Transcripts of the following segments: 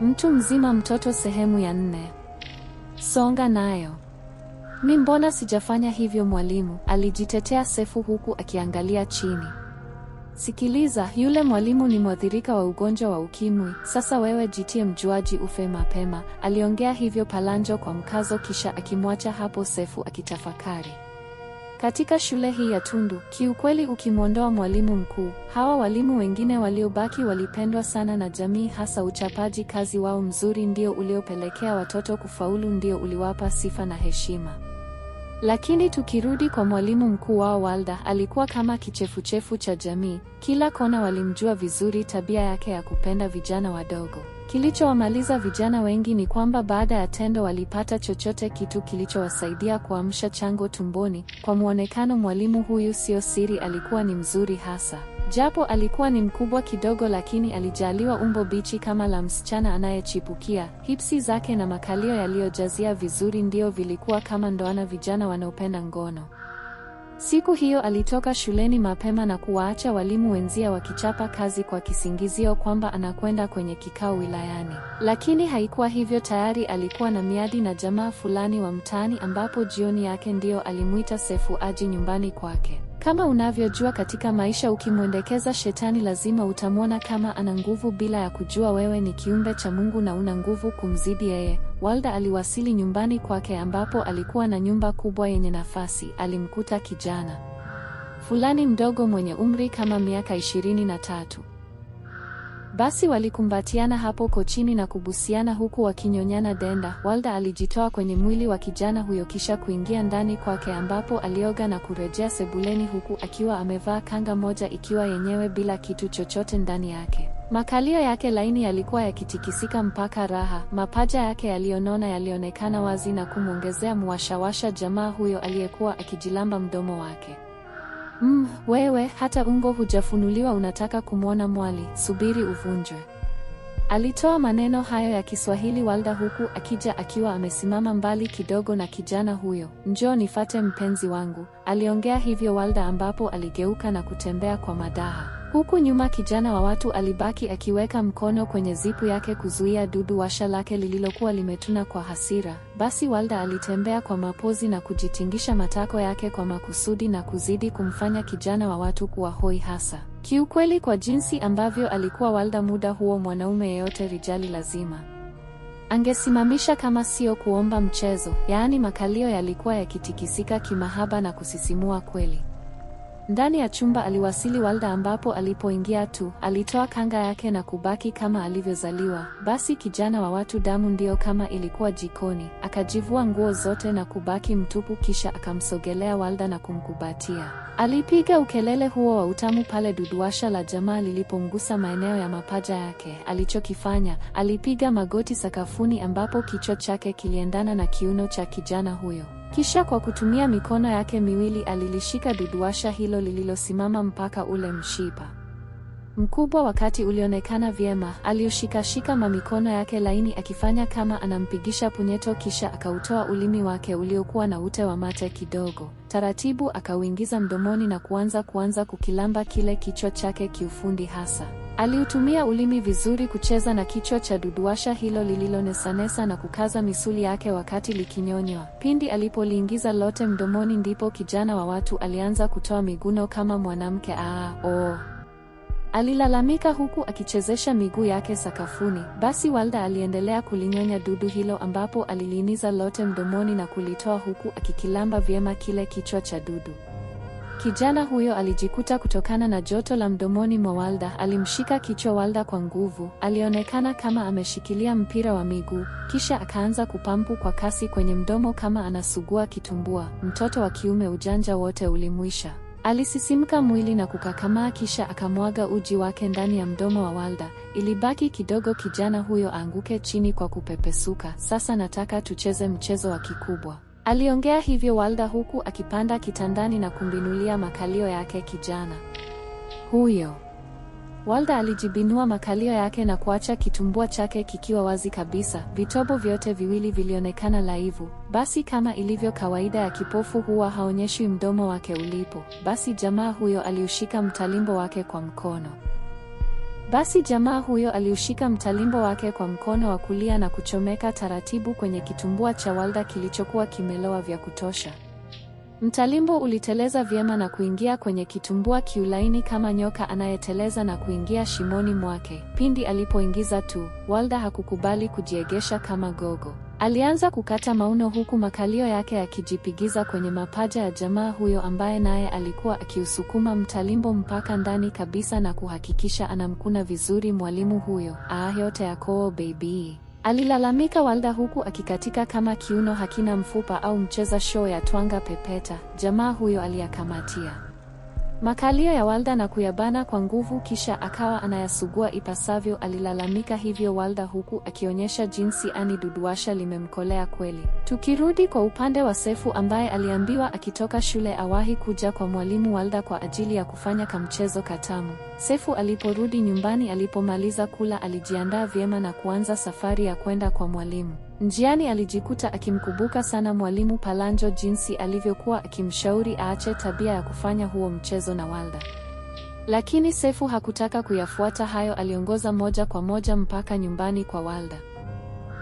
Mtu mzima mtoto sehemu ya nne. Songa nayo. Mi mbona sijafanya hivyo mwalimu, alijitetea Sefu huku akiangalia chini. Sikiliza, yule mwalimu ni mwathirika wa ugonjwa wa ukimwi, sasa wewe jitie mjuaji ufe mapema. Aliongea hivyo Palanjo kwa mkazo kisha akimwacha hapo Sefu akitafakari. Katika shule hii ya Tundu, kiukweli ukimwondoa mwalimu mkuu, hawa walimu wengine waliobaki walipendwa sana na jamii hasa uchapaji kazi wao mzuri ndio uliopelekea watoto kufaulu ndio uliwapa sifa na heshima. Lakini tukirudi kwa mwalimu mkuu wao Walda, alikuwa kama kichefuchefu cha jamii, kila kona walimjua vizuri tabia yake ya kupenda vijana wadogo. Kilichowamaliza vijana wengi ni kwamba baada ya tendo walipata chochote kitu kilichowasaidia kuamsha chango tumboni. Kwa mwonekano mwalimu huyu sio siri, alikuwa ni mzuri hasa. Japo alikuwa ni mkubwa kidogo, lakini alijaliwa umbo bichi kama la msichana anayechipukia. Hipsi zake na makalio yaliyojazia vizuri ndio vilikuwa kama ndoana vijana wanaopenda ngono. Siku hiyo alitoka shuleni mapema na kuwaacha walimu wenzia wakichapa kazi kwa kisingizio kwamba anakwenda kwenye kikao wilayani. Lakini haikuwa hivyo, tayari alikuwa na miadi na jamaa fulani wa mtaani ambapo jioni yake ndiyo alimwita Sefu aje nyumbani kwake. Kama unavyojua katika maisha, ukimwendekeza shetani lazima utamwona kama ana nguvu bila ya kujua wewe ni kiumbe cha Mungu na una nguvu kumzidi yeye. Walda aliwasili nyumbani kwake ambapo alikuwa na nyumba kubwa yenye nafasi. Alimkuta kijana fulani mdogo mwenye umri kama miaka ishirini na tatu. Basi walikumbatiana hapo kochini na kubusiana huku wakinyonyana denda. Walda alijitoa kwenye mwili wa kijana huyo kisha kuingia ndani kwake ambapo alioga na kurejea sebuleni huku akiwa amevaa kanga moja ikiwa yenyewe bila kitu chochote ndani yake. Makalio yake laini yalikuwa yakitikisika mpaka raha, mapaja yake yaliyonona yalionekana wazi na kumwongezea mwashawasha jamaa huyo aliyekuwa akijilamba mdomo wake. Mm, wewe hata ungo hujafunuliwa unataka kumwona mwali, subiri uvunjwe. Alitoa maneno hayo ya Kiswahili Walda huku akija akiwa amesimama mbali kidogo na kijana huyo. Njoo nifate mpenzi wangu, aliongea hivyo Walda ambapo aligeuka na kutembea kwa madaha. Huku nyuma kijana wa watu alibaki akiweka mkono kwenye zipu yake kuzuia dudu washa lake lililokuwa limetuna kwa hasira. Basi Walda alitembea kwa mapozi na kujitingisha matako yake kwa makusudi na kuzidi kumfanya kijana wa watu kuwa hoi hasa. Kiukweli kwa jinsi ambavyo alikuwa Walda muda huo, mwanaume yeyote rijali lazima angesimamisha kama sio kuomba mchezo, yaani makalio yalikuwa yakitikisika kimahaba na kusisimua kweli. Ndani ya chumba aliwasili Walda ambapo alipoingia tu, alitoa kanga yake na kubaki kama alivyozaliwa. Basi kijana wa watu damu ndiyo kama ilikuwa jikoni, akajivua nguo zote na kubaki mtupu kisha akamsogelea Walda na kumkubatia Alipiga ukelele huo wa utamu pale duduasha la jamaa lilipomgusa maeneo ya mapaja yake. Alichokifanya, alipiga magoti sakafuni ambapo kichwa chake kiliendana na kiuno cha kijana huyo. Kisha kwa kutumia mikono yake miwili alilishika biduasha hilo lililosimama mpaka ule mshipa mkubwa wakati ulionekana vyema. Aliushikashika mamikono yake laini akifanya kama anampigisha punyeto, kisha akautoa ulimi wake uliokuwa na ute wa mate kidogo. Taratibu akauingiza mdomoni na kuanza kuanza kukilamba kile kichwa chake kiufundi hasa. Aliutumia ulimi vizuri kucheza na kichwa cha duduasha hilo lililonesanesa na kukaza misuli yake wakati likinyonywa. Pindi alipoliingiza lote mdomoni, ndipo kijana wa watu alianza kutoa miguno kama mwanamke aa oo. Alilalamika huku akichezesha miguu yake sakafuni. Basi Walda aliendelea kulinyonya dudu hilo ambapo aliliniza lote mdomoni na kulitoa huku akikilamba vyema kile kichwa cha dudu. Kijana huyo alijikuta kutokana na joto la mdomoni mwa Walda. Alimshika kichwa Walda kwa nguvu, alionekana kama ameshikilia mpira wa miguu, kisha akaanza kupampu kwa kasi kwenye mdomo kama anasugua kitumbua. Mtoto wa kiume, ujanja wote ulimwisha. Alisisimka mwili na kukakamaa, kisha akamwaga uji wake ndani ya mdomo wa Walda. Ilibaki kidogo kijana huyo aanguke chini kwa kupepesuka. Sasa nataka tucheze mchezo wa kikubwa. Aliongea hivyo Walda huku akipanda kitandani na kumbinulia makalio yake kijana huyo. Walda alijibinua makalio yake na kuacha kitumbua chake kikiwa wazi kabisa. Vitobo vyote viwili vilionekana laivu. Basi kama ilivyo kawaida ya kipofu huwa haonyeshi mdomo wake ulipo. Basi jamaa huyo aliushika mtalimbo wake kwa mkono. Basi jamaa huyo aliushika mtalimbo wake kwa mkono wa kulia na kuchomeka taratibu kwenye kitumbua cha Walda kilichokuwa kimelowa vya kutosha. Mtalimbo uliteleza vyema na kuingia kwenye kitumbua kiulaini kama nyoka anayeteleza na kuingia shimoni mwake. Pindi alipoingiza tu, Walda hakukubali kujiegesha kama gogo. Alianza kukata mauno huku makalio yake yakijipigiza kwenye mapaja ya jamaa huyo ambaye naye alikuwa akiusukuma mtalimbo mpaka ndani kabisa na kuhakikisha anamkuna vizuri mwalimu huyo. Ah, yote yakoo baby. Alilalamika Walda huku akikatika kama kiuno hakina mfupa au mcheza show ya twanga pepeta. Jamaa huyo aliyakamatia makalio ya Walda na kuyabana kwa nguvu, kisha akawa anayasugua ipasavyo. Alilalamika hivyo Walda huku akionyesha jinsi ani duduasha limemkolea kweli. Tukirudi kwa upande wa Sefu ambaye aliambiwa akitoka shule awahi kuja kwa mwalimu Walda kwa ajili ya kufanya kamchezo katamu. Sefu aliporudi nyumbani, alipomaliza kula, alijiandaa vyema na kuanza safari ya kwenda kwa mwalimu. Njiani alijikuta akimkumbuka sana mwalimu Palanjo jinsi alivyokuwa akimshauri aache tabia ya kufanya huo mchezo na Walda. Lakini Sefu hakutaka kuyafuata hayo, aliongoza moja kwa moja mpaka nyumbani kwa Walda.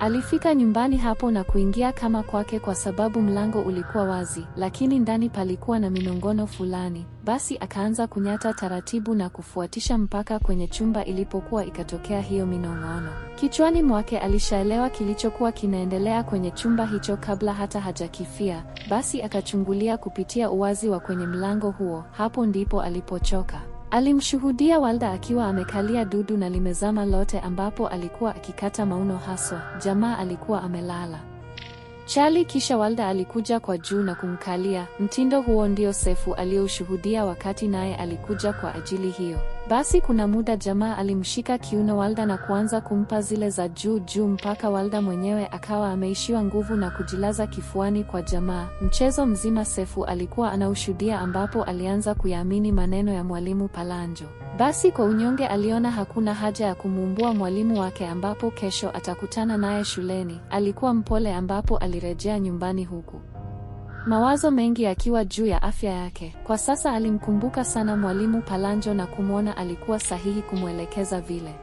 Alifika nyumbani hapo na kuingia kama kwake kwa sababu mlango ulikuwa wazi, lakini ndani palikuwa na minongono fulani. Basi akaanza kunyata taratibu na kufuatisha mpaka kwenye chumba ilipokuwa ikatokea hiyo minongono. Kichwani mwake alishaelewa kilichokuwa kinaendelea kwenye chumba hicho kabla hata hajakifia. Basi akachungulia kupitia uwazi wa kwenye mlango huo. Hapo ndipo alipochoka. Alimshuhudia Walda akiwa amekalia dudu na limezama lote ambapo alikuwa akikata mauno haswa. Jamaa alikuwa amelala chali, kisha Walda alikuja kwa juu na kumkalia. Mtindo huo ndio Sefu aliyoshuhudia wakati naye alikuja kwa ajili hiyo. Basi kuna muda jamaa alimshika kiuno Walda na kuanza kumpa zile za juu juu mpaka Walda mwenyewe akawa ameishiwa nguvu na kujilaza kifuani kwa jamaa. Mchezo mzima Sefu alikuwa anaushuhudia ambapo alianza kuyaamini maneno ya Mwalimu Palanjo. Basi kwa unyonge aliona hakuna haja ya kumuumbua mwalimu wake ambapo kesho atakutana naye shuleni. Alikuwa mpole ambapo alirejea nyumbani huku mawazo mengi yakiwa juu ya afya yake. Kwa sasa alimkumbuka sana Mwalimu Palanjo na kumwona alikuwa sahihi kumwelekeza vile.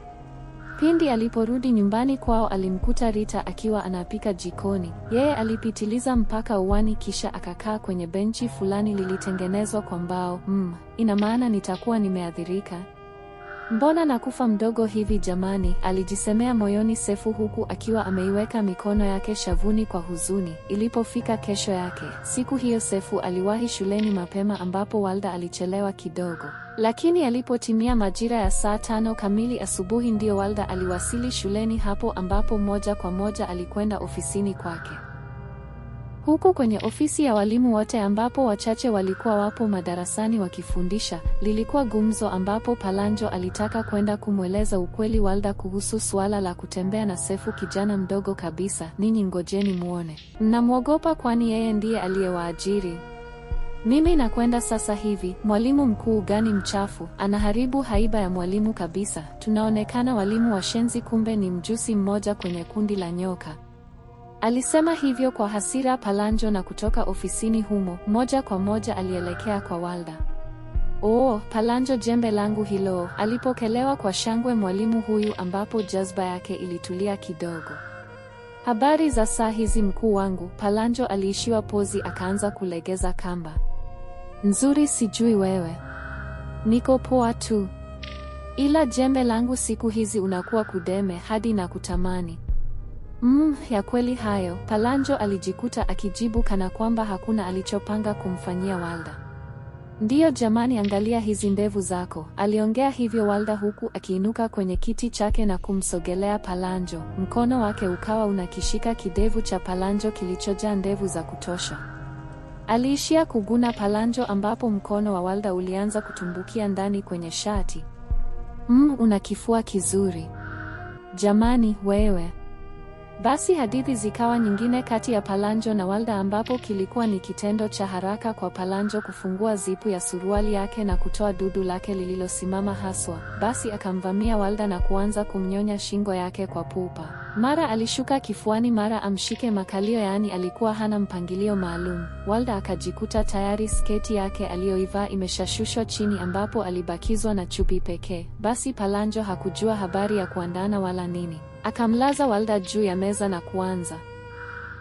Pindi aliporudi nyumbani kwao alimkuta Rita akiwa anapika jikoni. Yeye alipitiliza mpaka uwani kisha akakaa kwenye benchi fulani lilitengenezwa kwa mbao. Mm, ina maana nitakuwa nimeathirika. Mbona nakufa mdogo hivi jamani, alijisemea moyoni Sefu huku akiwa ameiweka mikono yake shavuni kwa huzuni. Ilipofika kesho yake, siku hiyo Sefu aliwahi shuleni mapema ambapo Walda alichelewa kidogo. Lakini alipotimia majira ya saa tano kamili asubuhi ndio Walda aliwasili shuleni hapo ambapo moja kwa moja alikwenda ofisini kwake. Huko kwenye ofisi ya walimu wote ambapo wachache walikuwa wapo madarasani wakifundisha, lilikuwa gumzo ambapo Palanjo alitaka kwenda kumweleza ukweli Walda kuhusu suala la kutembea na Sefu kijana mdogo kabisa. Ninyi ngojeni muone. Mnamwogopa kwani yeye ndiye aliyewaajiri. Mimi nakwenda sasa hivi. Mwalimu mkuu gani mchafu, anaharibu haiba ya mwalimu kabisa. Tunaonekana walimu washenzi kumbe ni mjusi mmoja kwenye kundi la nyoka. Alisema hivyo kwa hasira Palanjo na kutoka ofisini humo, moja kwa moja alielekea kwa Walda. Oo, oh, Palanjo jembe langu hilo, alipokelewa kwa shangwe mwalimu huyu ambapo jazba yake ilitulia kidogo. Habari za saa hizi mkuu wangu, Palanjo aliishiwa pozi akaanza kulegeza kamba. Nzuri sijui wewe. Niko poa tu. Ila jembe langu siku hizi unakuwa kudeme hadi na kutamani. Mm, ya kweli hayo, Palanjo alijikuta akijibu kana kwamba hakuna alichopanga kumfanyia Walda. Ndiyo jamani, angalia hizi ndevu zako. Aliongea hivyo Walda huku akiinuka kwenye kiti chake na kumsogelea Palanjo. Mkono wake ukawa unakishika kidevu cha Palanjo kilichojaa ndevu za kutosha. Aliishia kuguna Palanjo ambapo mkono wa Walda ulianza kutumbukia ndani kwenye shati. Mm, una kifua kizuri. Jamani wewe. Basi hadithi zikawa nyingine kati ya palanjo na Walda ambapo kilikuwa ni kitendo cha haraka kwa palanjo kufungua zipu ya suruali yake na kutoa dudu lake lililosimama haswa. Basi akamvamia Walda na kuanza kumnyonya shingo yake kwa pupa. Mara alishuka kifuani, mara amshike makalio, yaani alikuwa hana mpangilio maalum. Walda akajikuta tayari sketi yake aliyoivaa imeshashushwa chini ambapo alibakizwa na chupi pekee. Basi palanjo hakujua habari ya kuandana wala nini. Akamlaza Walda juu ya meza na kuanza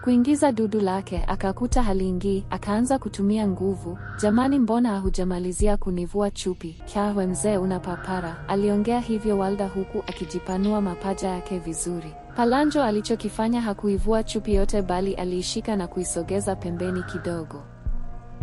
kuingiza dudu lake, akakuta haliingii, akaanza kutumia nguvu. Jamani, mbona hahujamalizia kunivua chupi? Kyawe mzee, una papara! Aliongea hivyo Walda huku akijipanua mapaja yake vizuri. Palanjo alichokifanya hakuivua chupi yote, bali aliishika na kuisogeza pembeni kidogo.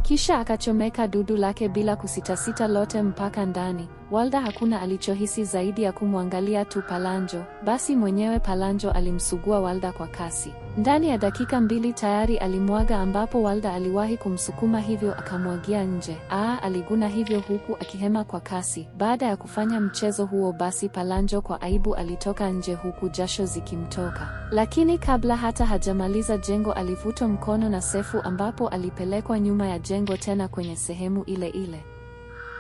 Kisha akachomeka dudu lake bila kusitasita lote mpaka ndani. Walda hakuna alichohisi zaidi ya kumwangalia tu Palanjo. Basi mwenyewe Palanjo alimsugua Walda kwa kasi. Ndani ya dakika mbili tayari alimwaga ambapo Walda aliwahi kumsukuma hivyo akamwagia nje. Aa, aliguna hivyo huku akihema kwa kasi. Baada ya kufanya mchezo huo basi Palanjo kwa aibu alitoka nje huku jasho zikimtoka. Lakini kabla hata hajamaliza jengo alivutwa mkono na Sefu ambapo alipelekwa nyuma ya jengo jengo tena kwenye sehemu ile ile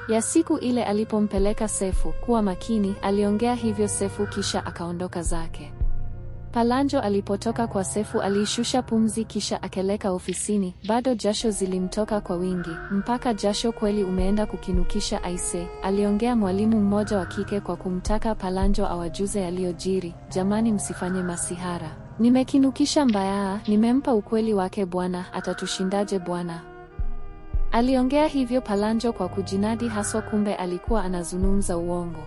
ya siku ile alipompeleka Sefu. Kuwa makini, aliongea hivyo Sefu kisha akaondoka zake. Palanjo alipotoka kwa Sefu aliishusha pumzi kisha akeleka ofisini. Bado jasho zilimtoka kwa wingi, mpaka jasho kweli umeenda kukinukisha aise, aliongea mwalimu mmoja wa kike kwa kumtaka Palanjo awajuze yaliyojiri. Jamani, msifanye masihara, nimekinukisha mbaya, nimempa ukweli wake bwana, atatushindaje bwana? Aliongea hivyo palanjo kwa kujinadi haswa kumbe alikuwa anazungumza uongo.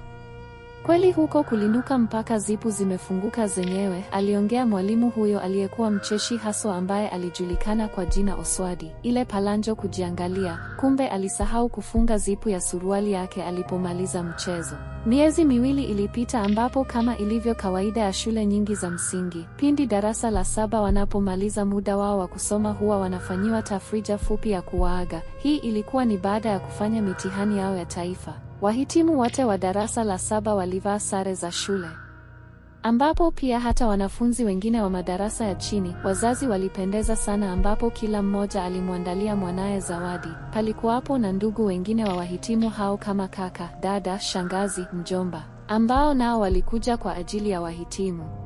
Kweli huko kulinuka mpaka zipu zimefunguka zenyewe, aliongea mwalimu huyo aliyekuwa mcheshi haswa ambaye alijulikana kwa jina Oswadi. Ile Palanjo kujiangalia, kumbe alisahau kufunga zipu ya suruali yake alipomaliza mchezo. Miezi miwili ilipita ambapo kama ilivyo kawaida ya shule nyingi za msingi, pindi darasa la saba wanapomaliza muda wao wa kusoma huwa wanafanyiwa tafrija fupi ya kuwaaga. Hii ilikuwa ni baada ya kufanya mitihani yao ya taifa. Wahitimu wote wa darasa la saba walivaa sare za shule, ambapo pia hata wanafunzi wengine wa madarasa ya chini. Wazazi walipendeza sana, ambapo kila mmoja alimwandalia mwanaye zawadi. Palikuwapo na ndugu wengine wa wahitimu hao kama kaka, dada, shangazi, mjomba, ambao nao walikuja kwa ajili ya wahitimu.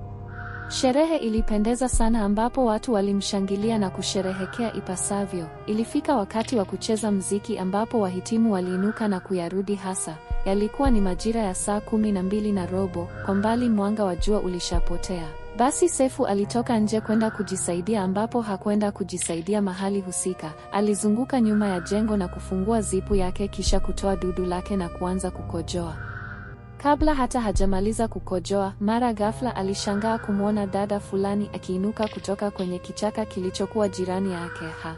Sherehe ilipendeza sana ambapo watu walimshangilia na kusherehekea ipasavyo. Ilifika wakati wa kucheza mziki ambapo wahitimu waliinuka na kuyarudi hasa. Yalikuwa ni majira ya saa kumi na mbili na robo, kwa mbali mwanga wa jua ulishapotea. Basi Sefu alitoka nje kwenda kujisaidia ambapo hakwenda kujisaidia mahali husika. Alizunguka nyuma ya jengo na kufungua zipu yake kisha kutoa dudu lake na kuanza kukojoa. Kabla hata hajamaliza kukojoa, mara ghafla alishangaa kumwona dada fulani akiinuka kutoka kwenye kichaka kilichokuwa jirani yake. Ha!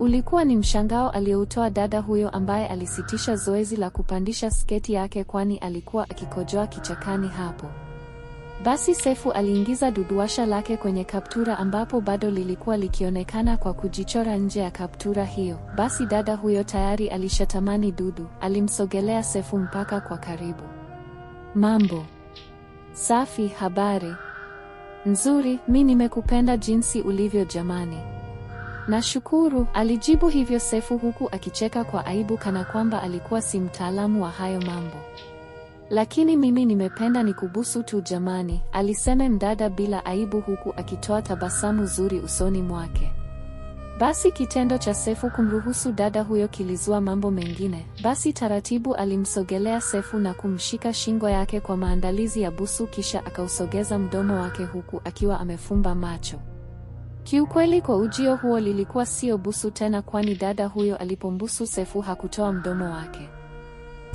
Ulikuwa ni mshangao aliyoutoa dada huyo ambaye alisitisha zoezi la kupandisha sketi yake kwani alikuwa akikojoa kichakani hapo. Basi Sefu aliingiza duduasha lake kwenye kaptura ambapo bado lilikuwa likionekana kwa kujichora nje ya kaptura hiyo. Basi dada huyo tayari alishatamani dudu. Alimsogelea Sefu mpaka kwa karibu. Mambo safi. Habari nzuri. Mi nimekupenda jinsi ulivyo jamani. Nashukuru, alijibu hivyo Sefu huku akicheka kwa aibu kana kwamba alikuwa si mtaalamu wa hayo mambo. Lakini mimi nimependa nikubusu tu jamani, alisema mdada bila aibu huku akitoa tabasamu zuri usoni mwake. Basi kitendo cha Sefu kumruhusu dada huyo kilizua mambo mengine. Basi taratibu alimsogelea Sefu na kumshika shingo yake kwa maandalizi ya busu, kisha akausogeza mdomo wake huku akiwa amefumba macho. Kiukweli kwa ujio huo lilikuwa sio busu tena, kwani dada huyo alipombusu Sefu hakutoa mdomo wake.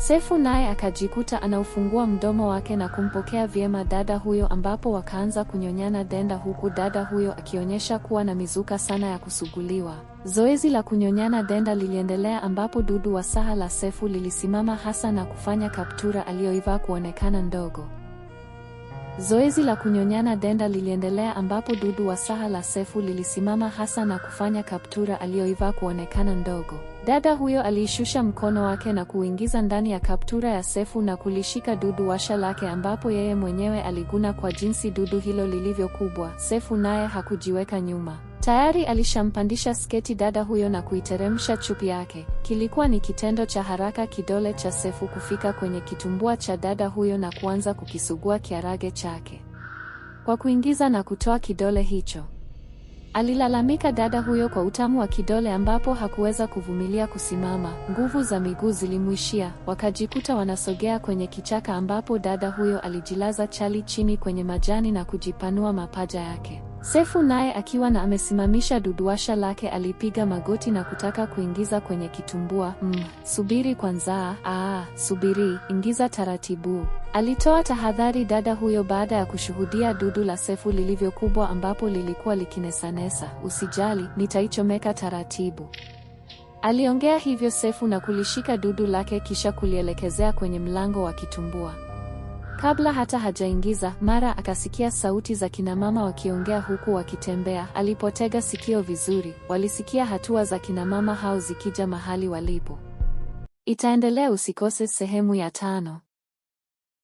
Sefu naye akajikuta anaufungua mdomo wake na kumpokea vyema dada huyo ambapo wakaanza kunyonyana denda huku dada huyo akionyesha kuwa na mizuka sana ya kusuguliwa. Zoezi la kunyonyana denda liliendelea ambapo dudu wa saha la Sefu lilisimama hasa na kufanya kaptura aliyoivaa kuonekana ndogo. Zoezi la kunyonyana denda liliendelea ambapo dudu wa saha la Sefu lilisimama hasa na kufanya kaptura aliyoivaa kuonekana ndogo. Dada huyo aliishusha mkono wake na kuingiza ndani ya kaptura ya Sefu na kulishika dudu washa lake ambapo yeye mwenyewe aliguna kwa jinsi dudu hilo lilivyo kubwa. Sefu naye hakujiweka nyuma. Tayari alishampandisha sketi dada huyo na kuiteremsha chupi yake. Kilikuwa ni kitendo cha haraka kidole cha Sefu kufika kwenye kitumbua cha dada huyo na kuanza kukisugua kiarage chake. Kwa kuingiza na kutoa kidole hicho Alilalamika dada huyo kwa utamu wa kidole ambapo hakuweza kuvumilia kusimama. Nguvu za miguu zilimwishia, wakajikuta wanasogea kwenye kichaka ambapo dada huyo alijilaza chali chini kwenye majani na kujipanua mapaja yake. Sefu naye akiwa na amesimamisha duduasha lake alipiga magoti na kutaka kuingiza kwenye kitumbua. Mm, subiri kwanza, aa, ah, subiri, ingiza taratibu. Alitoa tahadhari dada huyo baada ya kushuhudia dudu la Sefu lilivyokubwa ambapo lilikuwa likinesanesa. Usijali, nitaichomeka taratibu. Aliongea hivyo Sefu na kulishika dudu lake kisha kulielekezea kwenye mlango wa kitumbua. Kabla hata hajaingiza, mara akasikia sauti za kinamama wakiongea huku wakitembea. Alipotega sikio vizuri, walisikia hatua za kinamama hao zikija mahali walipo. Itaendelea, usikose sehemu ya tano.